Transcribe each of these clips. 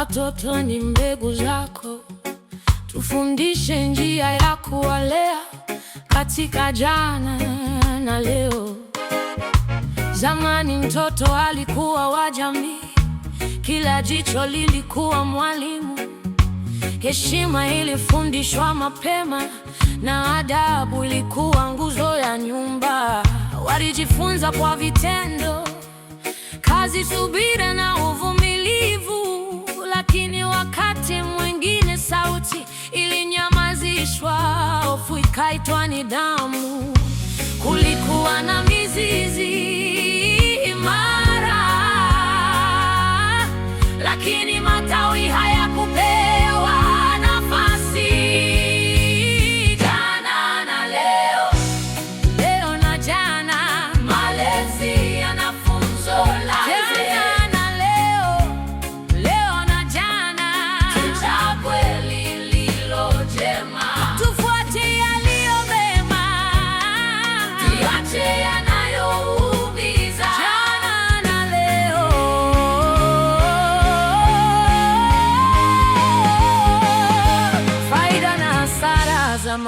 Watoto ni mbegu zako, tufundishe njia ya kuwalea katika jana na leo. Zamani mtoto alikuwa wa jamii, kila jicho lilikuwa mwalimu. Heshima ilifundishwa mapema na adabu ilikuwa nguzo ya nyumba. Walijifunza kwa vitendo, kazi, subira na uvu sauti ilinyamazishwa, hofu ikaitwa ni damu. Kulikuwa na mizizi imara, lakini matawi hayakupe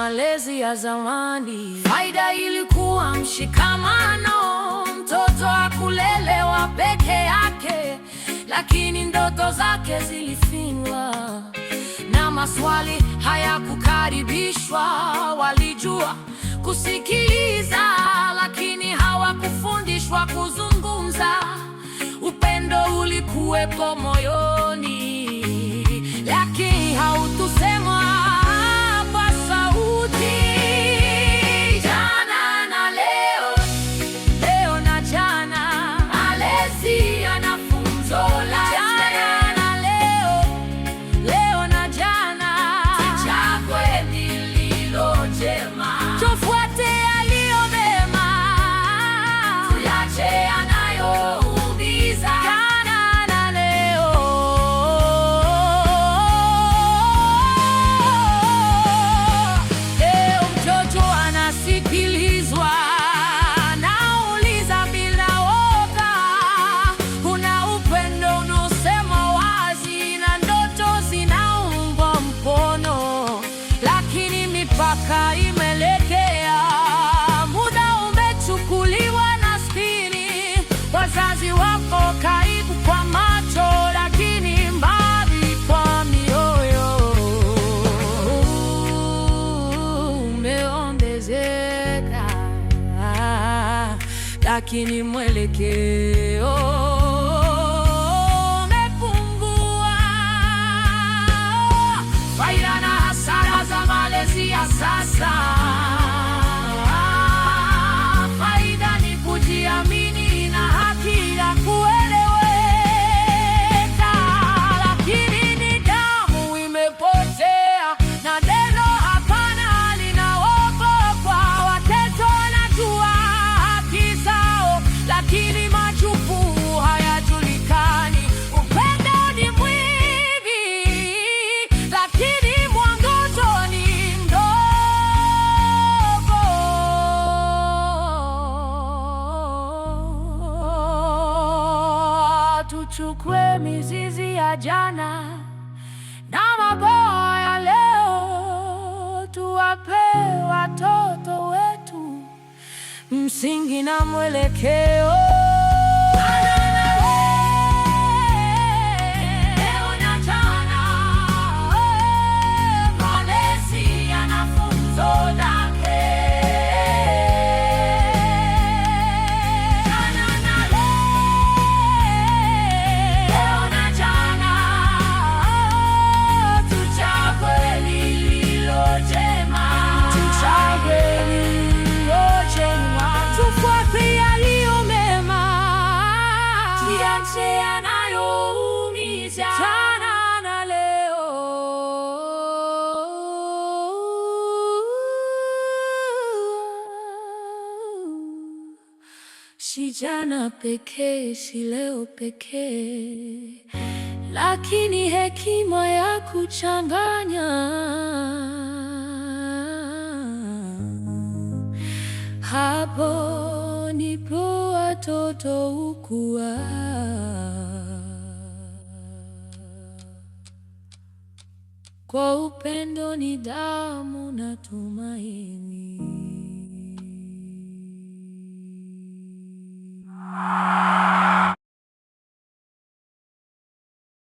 malezi ya zamani. Faida ilikuwa mshikamano, mtoto akulelewa peke yake, lakini ndoto zake zilifinywa na maswali hayakukaribishwa. Walijua kusikiliza, lakini hawakufundishwa kuzungumza. Upendo ulikuwepo moyoni, lakini hautuse lakini mwelekeo umepungua. Faida na hasara za malezi ya sasa Tuchukue mizizi ya jana na maboa ya leo, tuwape watoto wetu msingi na mwelekeo. Si jana pekee, si leo pekee, lakini hekima ya kuchanganya hapo nipo watoto hukua. Kwa upendo, ni damu na tuma